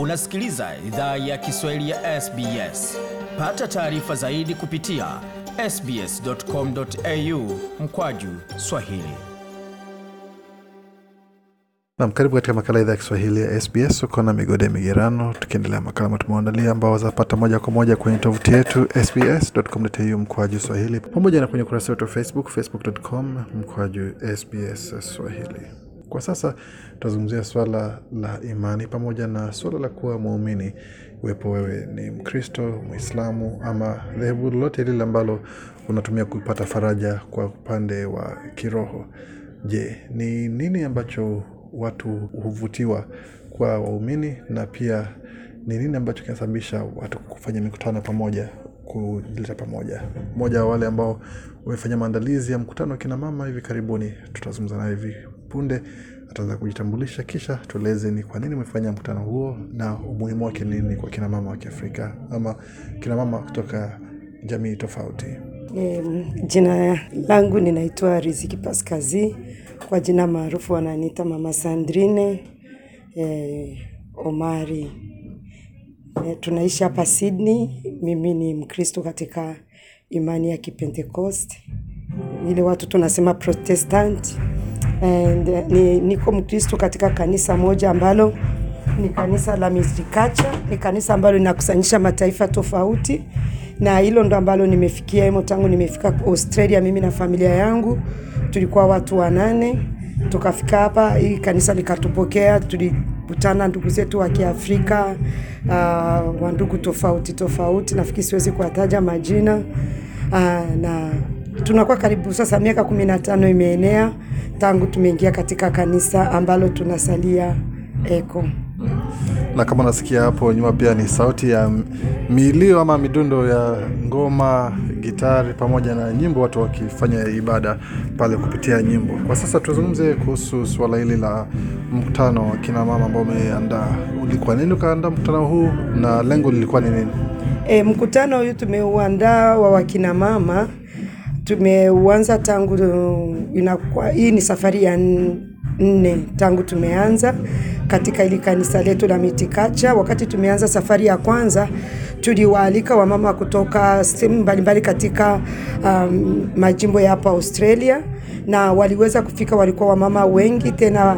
Unasikiliza idhaa ya Kiswahili ya SBS. Pata taarifa zaidi kupitia sbs.com.au mkwaju swahili. Nam, karibu katika makala idhaa ya Kiswahili ya SBS. Uko na migode ya migerano, tukiendelea makala ambao tumeandalia, ambao wazapata moja kwa moja kwenye tovuti yetu sbs.com.au mkoaju swahili, pamoja na kwenye ukurasa wetu wa Facebook, facebook.com mkoaju sbs swahili. Kwa sasa tutazungumzia swala la imani pamoja na swala la kuwa muumini, iwepo wewe ni Mkristo, Mwislamu ama dhehebu lolote lile ambalo unatumia kupata faraja kwa upande wa kiroho. Je, ni nini ambacho watu huvutiwa kwa waumini na pia ni nini ambacho kinasababisha watu kufanya mikutano pamoja kuleta pamoja. Mmoja wa wale ambao wamefanya maandalizi ya mkutano wa kinamama hivi karibuni, tutazungumza naye hivi punde ataanza kujitambulisha, kisha tueleze ni kwa nini umefanya mkutano huo na umuhimu wake nini kwa kinamama wa Kiafrika ama kinamama kutoka jamii tofauti. E, jina langu ninaitwa Riziki Paskazi, kwa jina maarufu wananiita Mama Sandrine e, Omari. E, tunaishi hapa Sydney. Mimi ni Mkristo katika imani ya kipentekost ile watu tunasema protestanti and eh, ni, niko Mkristo katika kanisa moja ambalo ni kanisa la Misrikacha, ni kanisa ambalo linakusanyisha mataifa tofauti, na hilo ndo ambalo nimefikia hemo tangu nimefika Australia. Mimi na familia yangu tulikuwa watu wanane, tukafika hapa, hii kanisa likatupokea. Tulikutana ndugu zetu wa Kiafrika, uh, wa ndugu tofauti tofauti, nafikiri siwezi kuwataja majina uh, na tunakuwa karibu sasa miaka kumi na tano imeenea tangu tumeingia katika kanisa ambalo tunasalia eko na kama unasikia hapo nyuma pia ni sauti ya milio ama midundo ya ngoma, gitari pamoja na nyimbo, watu wakifanya ibada pale kupitia nyimbo. Kwa sasa tuzungumze kuhusu suala hili la mkutano wa kina mama ambao umeandaa. Ulikuwa nini ukaandaa mkutano huu na lengo lilikuwa ni nini? E, mkutano huyu tumeuandaa wa wakinamama Tumeuanza tangu uh, inakuwa, hii ni safari ya nne tangu tumeanza katika ili kanisa letu la Mitikacha. Wakati tumeanza safari ya kwanza, tuliwaalika wamama kutoka sehemu mbalimbali katika um, majimbo ya hapa Australia, na waliweza kufika. Walikuwa wamama wengi tena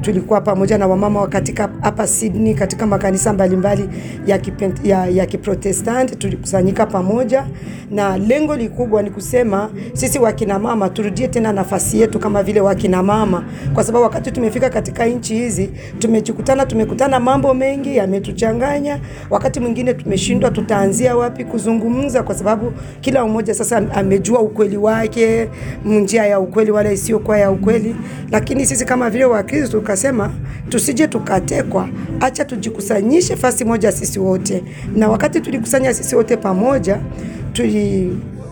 tulikuwa pamoja na wamama katika hapa Sydney katika makanisa mbalimbali ya, kipent, ya, ya Kiprotestanti. Tulikusanyika pamoja na lengo likubwa ni kusema sisi mama turudie tena nafasi yetu kama vile mama, kwa sababu wakati tumefika katika nchi hizi tumejikutana, tumekutana mambo mengi yametuchanganya, wakati mwingine tumeshindwa tutaanzia wapi kuzungumza, kwa sababu kila mmoja sasa amejua ukweli wake, njia ya ukweli wala isiyokuwa ya ukweli, lakini sisi kama vile Wakristo tukasema tusije tukatekwa, acha tujikusanyishe fasi moja sisi wote. Na wakati tulikusanya sisi wote pamoja,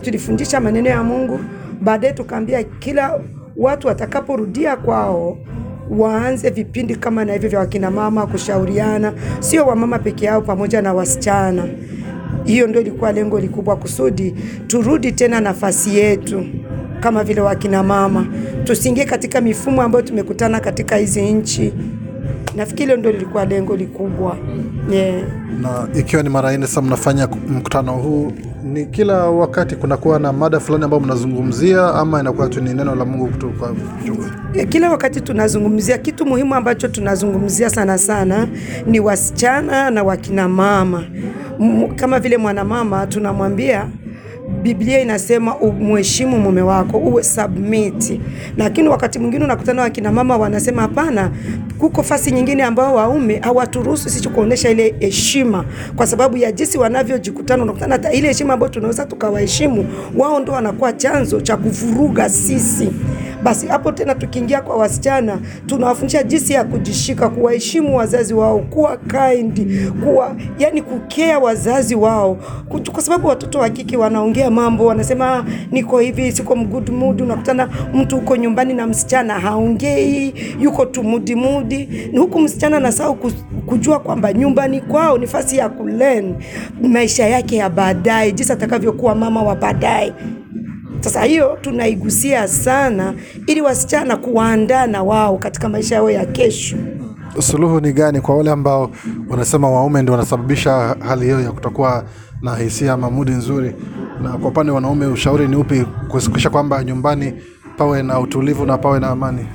tulifundisha maneno ya Mungu. Baadaye tukaambia kila watu watakaporudia kwao waanze vipindi kama na hivyo vya wakina mama kushauriana, sio wamama peke yao, pamoja na wasichana. Hiyo ndio ilikuwa lengo likubwa, kusudi turudi tena nafasi yetu kama vile wakina mama, tusiingie katika mifumo ambayo tumekutana katika hizi nchi. Nafikiri ndio lilikuwa lengo likubwa yeah. Na ikiwa ni mara nne sasa mnafanya mkutano huu, ni kila wakati kunakuwa na mada fulani ambayo mnazungumzia ama inakuwa tu ni neno la Mungu kutoka yeah, Kila wakati tunazungumzia kitu muhimu, ambacho tunazungumzia sana sana ni wasichana na wakina mama. Kama vile mwanamama tunamwambia Biblia inasema umheshimu mume wako, uwe submit. Lakini wakati mwingine unakutana kina mama wanasema hapana, kuko fasi nyingine ambao waume hawaturuhusu sisi kuonesha ile heshima, kwa sababu ya jinsi wanavyojikutana. Unakutana hata ile heshima ambayo tunaweza tukawaheshimu wao, ndo wanakuwa chanzo cha kuvuruga sisi. Basi hapo tena tukiingia kwa wasichana, tunawafundisha jinsi ya kujishika, kuwaheshimu wazazi wao, kuwa kind, kuwa yani kukea wazazi wao, kwa sababu watoto wa kike wanaongea mambo, wanasema niko hivi, siko good mood. Unakutana mtu huko nyumbani na msichana haongei, yuko tu ni huku msichana anasahau kujua kwamba nyumbani kwao ni nafasi ya kulen maisha yake ya baadaye, jinsi atakavyokuwa mama wa baadaye. Sasa hiyo tunaigusia sana, ili wasichana kuwaandaa na wao katika maisha yao ya kesho. Suluhu ni gani kwa wale ambao wanasema waume ndio wanasababisha hali hiyo ya kutokuwa na hisia ama mudi nzuri, na kwa upande wanaume ushauri ni upi kuhakikisha kwamba nyumbani pawe na utulivu na pawe na amani?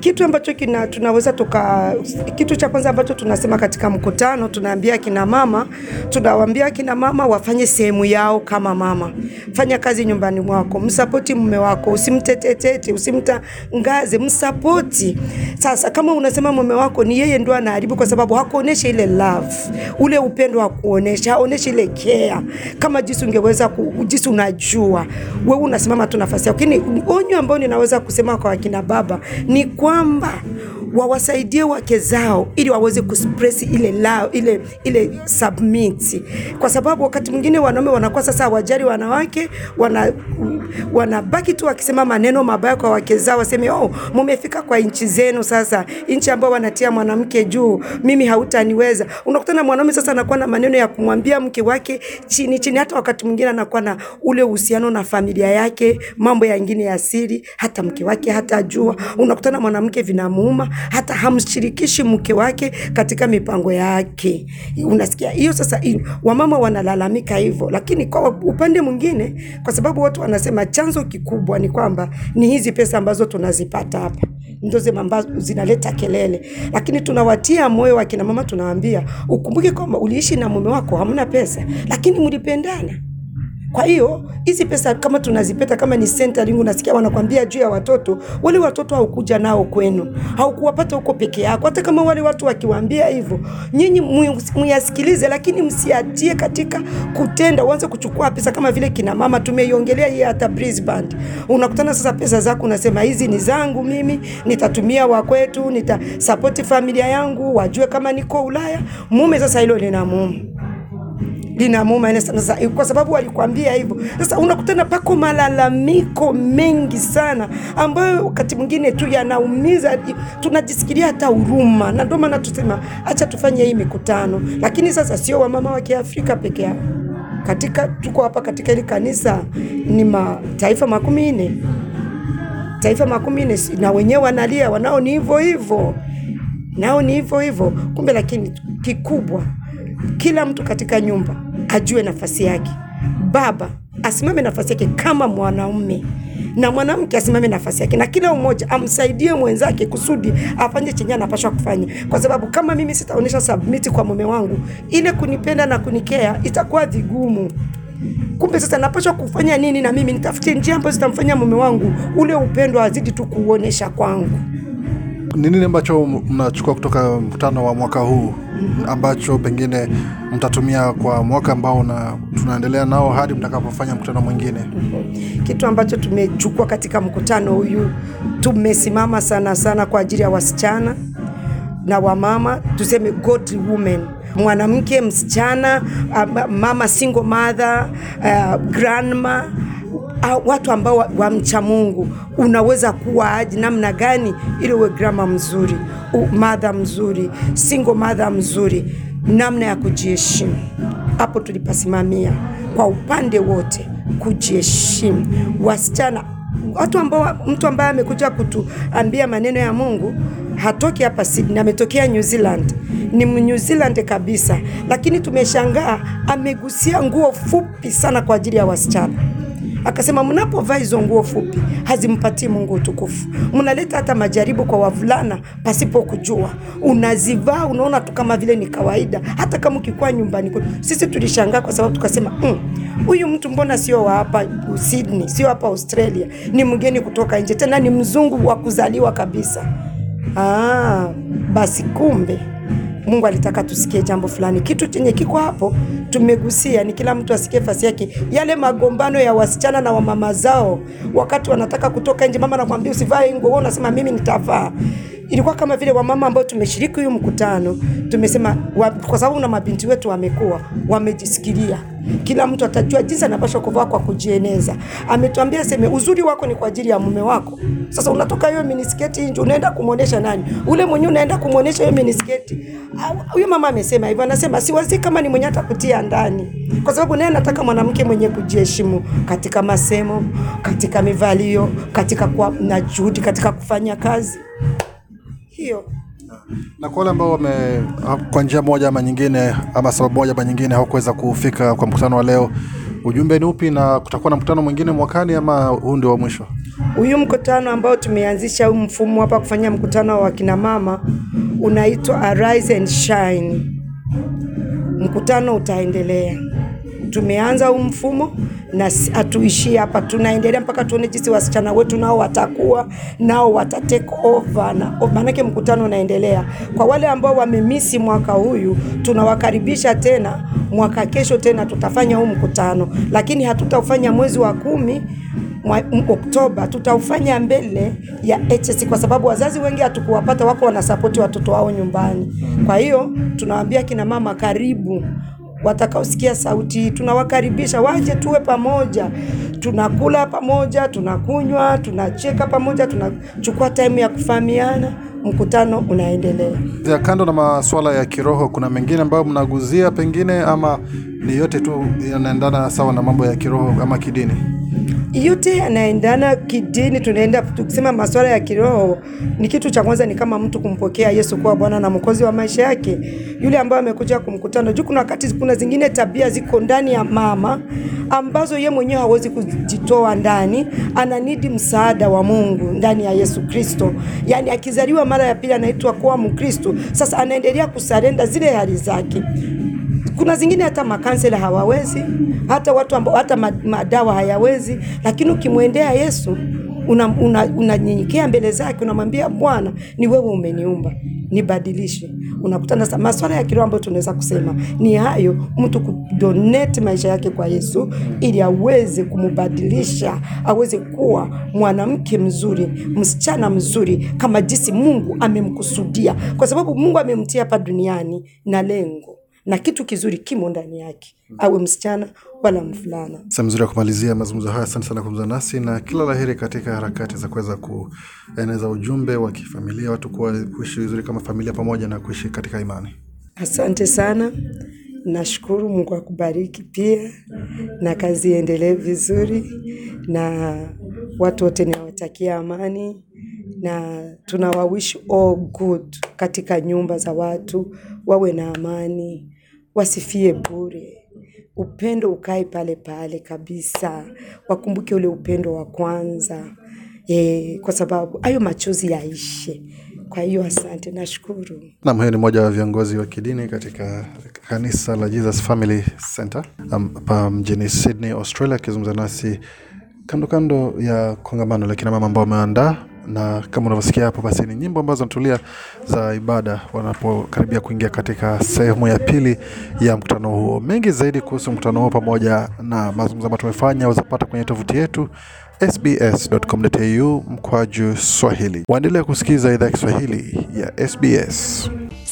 Kitu ambacho kina, tunaweza tuka, kitu cha kwanza ambacho tunasema katika mkutano tunaambia kina mama, tunawaambia kina mama wafanye sehemu yao kama mama. Fanya kazi nyumbani mwako, msapoti mume wako, usimtetetete, usimtangaze, msapoti. Sasa kama unasema mume wako ni yeye ndo anaharibu kwa sababu hakuonesha ile love, ule upendo wa kuonesha, haoneshi ile care kama jinsi ungeweza jinsi unajua. Wewe unasimama tu nafasi yako. Lakini onyo ambalo ninaweza kusema kwa kina baba ni ni kwamba wawasaidie wake zao ili waweze kuspress ile lao, ile ile submit, kwa sababu wakati mwingine wanaume wanakuwa sasa hawajali wanawake, wana wanabaki tu wakisema maneno mabaya kwa wake zao, waseme oh, mumefika kwa nchi zenu sasa, nchi ambayo wanatia mwanamke juu, mimi hautaniweza. Unakutana mwanaume sasa anakuwa na maneno ya kumwambia mke wake chini chini, hata wakati mwingine anakuwa na ule uhusiano na familia yake, mambo yangine ya siri, hata mke wake hata jua. Unakutana mwanamke vinamuuma hata hamshirikishi mke wake katika mipango yake. Unasikia hiyo sasa, wamama wanalalamika hivyo, lakini kwa upande mwingine, kwa sababu watu wanasema chanzo kikubwa ni kwamba ni hizi pesa ambazo tunazipata hapa ndo ambazo zinaleta kelele, lakini tunawatia moyo wakina mama, tunawaambia ukumbuke kwamba uliishi na mume wako, hamna pesa, lakini mlipendana. Kwa hiyo hizi pesa kama tunazipeta kama ni centering, unasikia wanakwambia juu ya watoto wale. Watoto haukuja nao kwenu, haukuwapata huko peke yako. Hata kama wale watu wakiwaambia hivyo, nyinyi muyasikilize, lakini msiatie katika kutenda, uanze kuchukua pesa kama vile kina mama tumeiongelea hii. Hata Brisbane unakutana sasa, pesa zako unasema hizi ni zangu mimi, nitatumia wakwetu, nitasapoti familia yangu, wajue kama niko Ulaya. Mume sasa hilo lina mume linamuuma. Sasa kwa sababu alikwambia hivyo, sasa unakutana pako malalamiko mengi sana, ambayo wakati mwingine tu yanaumiza, tunajisikilia hata huruma, na ndio maana tusema acha tufanye hii mikutano. Lakini sasa sio wamama wa Kiafrika peke yao katika tuko hapa katika hili kanisa ni mataifa makumi nne taifa makumi nne na wenyewe wanalia, wanao ni hivyo hivyo, nao ni hivyo hivyo. Kumbe lakini kikubwa kila mtu katika nyumba ajue nafasi yake. Baba asimame nafasi yake kama mwanaume na mwanamke asimame nafasi yake, na kila mmoja amsaidie mwenzake kusudi afanye chenye anapashwa kufanya, kwa sababu kama mimi sitaonyesha submit kwa mume wangu, ile kunipenda na kunikea itakuwa vigumu. Kumbe sasa napashwa kufanya nini? Na mimi nitafute njia ambazo zitamfanya mume wangu ule upendo azidi tu kuonesha kwangu. Ni nini ambacho mnachukua kutoka mkutano wa mwaka huu mhm. ambacho pengine mtatumia kwa mwaka ambao na tunaendelea nao hadi mtakapofanya mkutano mwingine? Mhm. Kitu ambacho tumechukua katika mkutano huyu, tumesimama sana sana kwa ajili ya wasichana na wamama, tuseme godly women mwanamke, msichana, mama, single mother, uh, grandma watu ambao wamcha Mungu, unaweza kuwa aji namna gani ili uwe grama mzuri, madha mzuri, single madha mzuri, namna ya kujiheshimu. Hapo tulipasimamia kwa upande wote, kujiheshimu wasichana, watu ambao, mtu ambaye amekuja kutuambia maneno ya Mungu hatoki hapa Sydney, ametokea New Zealand, ni New Zealand kabisa, lakini tumeshangaa amegusia nguo fupi sana kwa ajili ya wasichana. Akasema mnapovaa hizo nguo fupi hazimpatii Mungu utukufu, mnaleta hata majaribu kwa wavulana pasipo kujua. Unazivaa unaona tu kama vile ni kawaida, hata kama ukikuwa nyumbani kwetu. Sisi tulishangaa kwa sababu tukasema mm, huyu mtu mbona sio wa hapa Sydney, sio hapa Australia, ni mgeni kutoka nje, tena ni mzungu wa kuzaliwa kabisa. Ah, basi kumbe Mungu alitaka tusikie jambo fulani. Kitu chenye kiko hapo tumegusia ni kila mtu asikie fasi yake. Yale magombano ya wasichana na wamama zao wakati wanataka kutoka nje, mama anakuambia usivae nguo, wewe unasema mimi nitavaa ilikuwa kama vile wamama ambao tumeshiriki huyu mkutano tumesema wa, kwa sababu na mabinti wetu wamekuwa wamejisikilia, kila mtu atajua jinsi anapaswa kuvaa kwa kujieneza. Ametuambia seme, uzuri wako ni kwa ajili ya mume wako. Sasa unatoka hiyo minisketi nje, unaenda kumuonesha nani? Ule mwenyewe unaenda kumuonesha hiyo minisketi. Huyo mama amesema hivyo, anasema siwazi kama ni mwenye atakutia ndani, kwa sababu naye anataka mwanamke mwenye kujiheshimu katika masemo, katika mivalio, katika kuwa na juhudi, katika kufanya kazi hiyo Na kwa wale ambao wame kwa njia moja ama nyingine ama sababu moja ama nyingine hawakuweza kufika kwa mkutano wa leo, ujumbe ni upi? Na kutakuwa na mkutano mwingine mwakani ama huu ndio wa mwisho? Huyu mkutano ambao tumeanzisha huu mfumo hapa kufanya mkutano wa kina mama unaitwa Arise and Shine. Mkutano utaendelea. Tumeanza huu mfumo na hatuishii hapa, tunaendelea mpaka tuone jinsi wasichana wetu nao watakuwa nao wata take over, na maanake mkutano unaendelea. Kwa wale ambao wamemisi mwaka huyu, tunawakaribisha tena mwaka kesho, tena tutafanya huu mkutano, lakini hatutaufanya mwezi wa kumi Oktoba tutaufanya mbele ya HS kwa sababu wazazi wengi hatukuwapata, wako wanasapoti watoto wao nyumbani. Kwa hiyo tunawaambia kina mama, karibu watakaosikia sauti. Tunawakaribisha waje, tuwe pamoja, tunakula pamoja, tunakunywa, tunacheka pamoja, tunachukua time ya kufahamiana, mkutano unaendelea. Ya kando na masuala ya kiroho, kuna mengine ambayo mnaguzia pengine, ama ni yote tu yanaendana sawa na mambo ya kiroho ama kidini? yote yanaendana kidini, tunaenda tukisema masuala ya kiroho, ni kitu cha kwanza ni kama mtu kumpokea Yesu kuwa Bwana na Mwokozi wa maisha yake, yule ambaye amekuja kumkutana juu. Kuna wakati kuna zingine tabia ziko ndani ya mama ambazo ye mwenyewe hawezi kujitoa ndani, ananidi msaada wa Mungu ndani ya Yesu Kristo. Yani akizaliwa mara ya pili anaitwa kuwa Mkristo, sasa anaendelea kusarenda zile hali zake. Kuna zingine hata makansela hawawezi, hata watu ambao, hata madawa hayawezi, lakini ukimwendea Yesu unanyenyekea una, una mbele zake, unamwambia Bwana, ni wewe umeniumba, nibadilishe. Unakutana sa maswala ya kiroho ambayo tunaweza kusema ni hayo, mtu kudonate maisha yake kwa Yesu ili aweze kumubadilisha aweze kuwa mwanamke mzuri, msichana mzuri, kama jinsi Mungu amemkusudia, kwa sababu Mungu amemtia hapa duniani na lengo na kitu kizuri kimo ndani yake, awe msichana wala mvulana. Sa mzuri ya kumalizia mazungumzo haya. Asante sana kuzungumza nasi na kila laheri katika harakati za kuweza kueneza ujumbe wa kifamilia, watu kuwa kuishi vizuri kama familia pamoja na kuishi katika imani. Asante sana, nashukuru. Mungu akubariki pia, na kazi iendelee vizuri, na watu wote ninawatakia amani na tunawawishi all good katika nyumba za watu, wawe na amani wasifie bure. Upendo ukae pale pale kabisa, wakumbuke ule upendo wa kwanza e, kwa sababu hayo machozi yaishe. Kwa hiyo asante, nashukuru. nam huyo ni mmoja wa viongozi wa kidini katika kanisa la Jesus Family Center hapa mjini Sydney, Australia, akizungumza nasi kando kando ya kongamano la kinamama ambao wameandaa na kama unavyosikia hapo, basi ni nyimbo ambazo natulia za ibada wanapokaribia kuingia katika sehemu ya pili ya mkutano huo. Mengi zaidi kuhusu mkutano huo pamoja na mazungumzo ambayo tumefanya uzapata kwenye tovuti yetu sbs.com.au mkwaju Swahili. Waendelea kusikiza idhaa ya Kiswahili ya SBS.